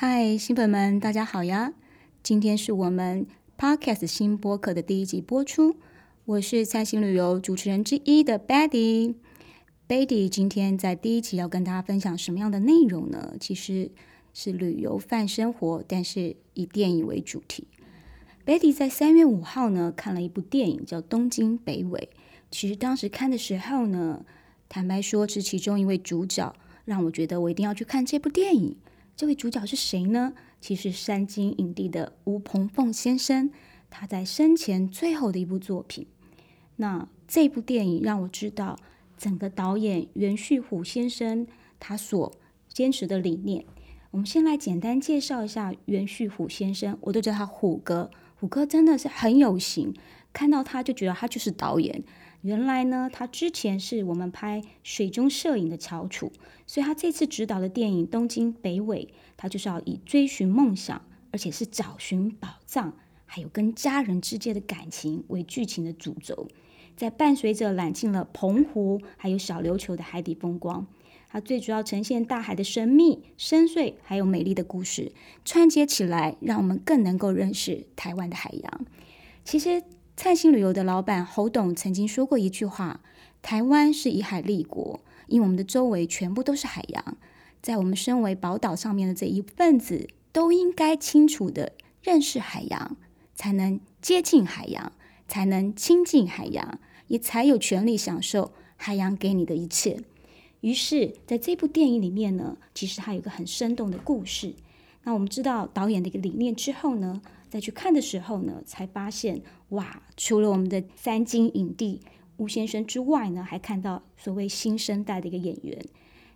嗨，新朋友們，大家好呀！今天是我們 Podcast 新播客的第一集播出。我是三星旅遊主持人之一的 Betty。Betty 今天在第一集要跟大家分享什麼樣的內容呢？其實是旅遊泛生活，但是以電影為主題。Betty 在三月五號呢看了一部電影叫《東經北緯》。其實當時看的時候呢，坦白說是其中一位主角讓我覺得我一定要去看這部電影。這位主角是誰呢？其實，三金影帝的吳朋奉先生，他在生前最後的一部作品。那這部電影讓我知道，整個導演袁旭虎先生他所堅持的理念。我們先來簡單介紹一下袁旭虎先生，我都叫他虎哥。虎哥真的是很有型。看到他就覺得他就是導演。原來呢，他之前是我們拍水中攝影的翹楚，所以他這次執導的電影《東經北緯》，他就是要以追尋夢想，而且是找尋寶藏，還有跟家人之間的感情為劇情的主軸，在伴隨着覽盡了澎湖還有小琉球的海底風光，它最主要呈現大海的神秘、深邃還有美麗的故事，串接起來，讓我們更能夠認識台灣的海洋。其實。燦星旅遊的老板侯董曾經說過一句話：“台灣是以海立國，因為我們的周圍全部都是海洋，在我們身為寶島上面的這一份子，都應該清楚的認識海洋，才能接近海洋，才能親近海洋，也才有權利享受海洋給你的一切。”於是，在這部電影裡面呢，其實還有一個很生動的故事。那我們知道導演的一個理念之後呢，再去看的時候呢，才發現哇，除了我們的三金影帝吳先生之外呢，還看到所謂新生代的一個演員。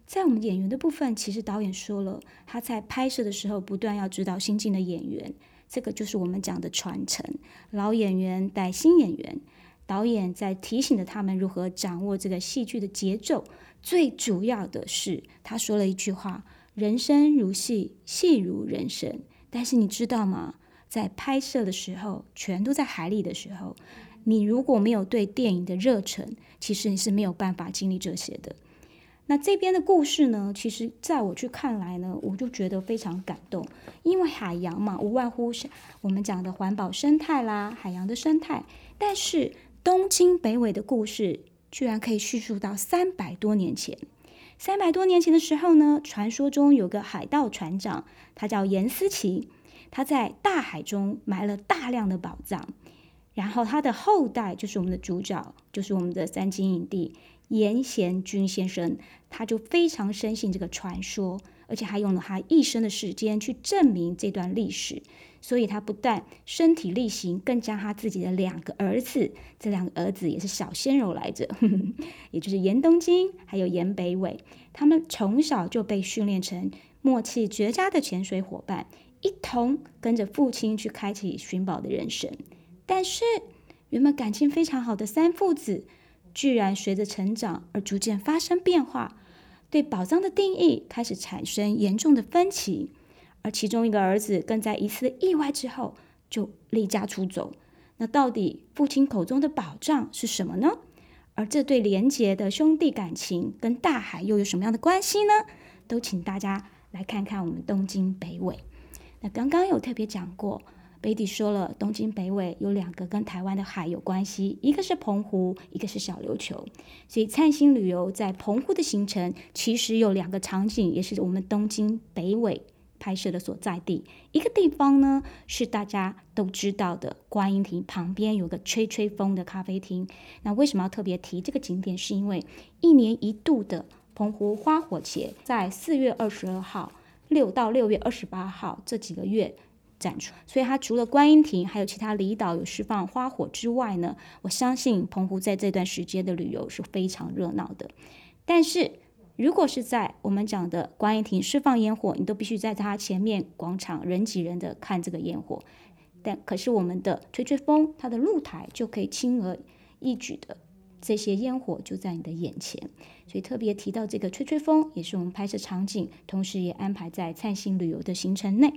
在我們演員的部分，其實導演說了，他在拍攝的時候不斷要指導新進的演員，這個就是我們講的傳承，老演員帶新演員。導演在提醒着他們如何掌握這個戲劇的節奏。最主要的是，他說了一句話：“人生如戲，戲如人生。”但是你知道嗎？在拍攝的時候，全都在海裡的時候，你如果沒有對電影的熱忱，其實你是沒有辦法經歷這些的。那這邊的故事呢，其實在我去看來呢，我就覺得非常感動，因為海洋嘛，無外乎是我們講的環保生態啦，海洋的生態。但是東經北緯的故事，居然可以敘述到三百多年前。三百多年前的時候呢，傳說中有個海盜船長，他叫顏思齊。他在大海中埋了大量的寶藏，然後他的後代就是我們的主角，就是我們的三金影帝嚴賢軍先生，他就非常深信這個傳說，而且還用了他一生的時間去證明這段歷史，所以他不但身體力行，更加他自己的兩個兒子，這兩個兒子也是小鮮肉來着，呵呵也就是嚴東經還有嚴北緯，他們從小就被訓練成默契絕佳的潛水伙伴。一同跟着父親去開啟尋寶的人生，但是原本感情非常好的三父子，居然隨着成長而逐漸發生變化，對寶藏的定義開始產生嚴重的分歧，而其中一個兒子更在一次意外之後就離家出走。那到底父親口中的寶藏是什麼呢？而這對連結的兄弟感情跟大海又有什麼樣的關係呢？都請大家來看看我們東經北緯。那剛剛有特別講過，北蒂說了，東經北緯有兩個跟台灣的海有關係，一個是澎湖，一個是小琉球。所以燦星旅遊在澎湖的行程，其實有兩個場景，也是我們東經北緯拍攝的所在地。一個地方呢，是大家都知道的觀音亭旁邊有個吹吹風的咖啡廳。那為什麼要特別提這個景點？是因為一年一度的澎湖花火節在四月二十二號。六到六月二十八號這幾個月展出，所以它除了觀音亭還有其他離島有釋放花火之外呢，我相信澎湖在這段時間的旅遊是非常熱鬧的。但是如果是在我們講的觀音亭釋放煙火，你都必須在它前面廣場人擠人的看這個煙火，但可是我們的吹吹風，它的露台就可以輕而易舉的。這些煙火就在你的眼前，所以特別提到這個吹吹風，也是我們拍攝場景，同時也安排在燦星旅遊的行程內。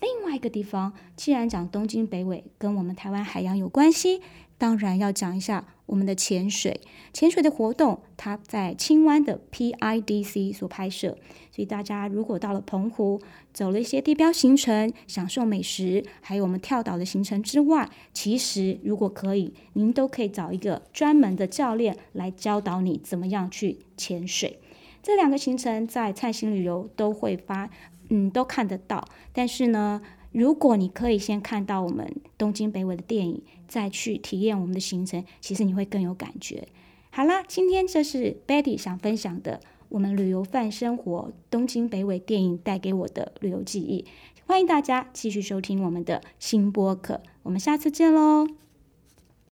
另外一個地方，既然講東經北緯，跟我們台灣海洋有關係。當然要講一下我們的潛水，潛水的活動它在青灣的 PIDC 所拍攝，所以大家如果到了澎湖，走了一些地標行程，享受美食，還有我們跳島的行程之外，其實如果可以，您都可以找一個專門的教練來教導你怎麼樣去潛水。這兩個行程在蔡行旅遊都會發。嗯，都看得到。但是呢，如果你可以先看到我們東經北緯的電影，再去體驗我們的行程，其實你會更有感覺。好啦，今天這是 Betty 想分享的，我們旅遊泛生活東經北緯電影帶給我的旅遊記憶。歡迎大家繼續收聽我們的新播客，我們下次見嘍。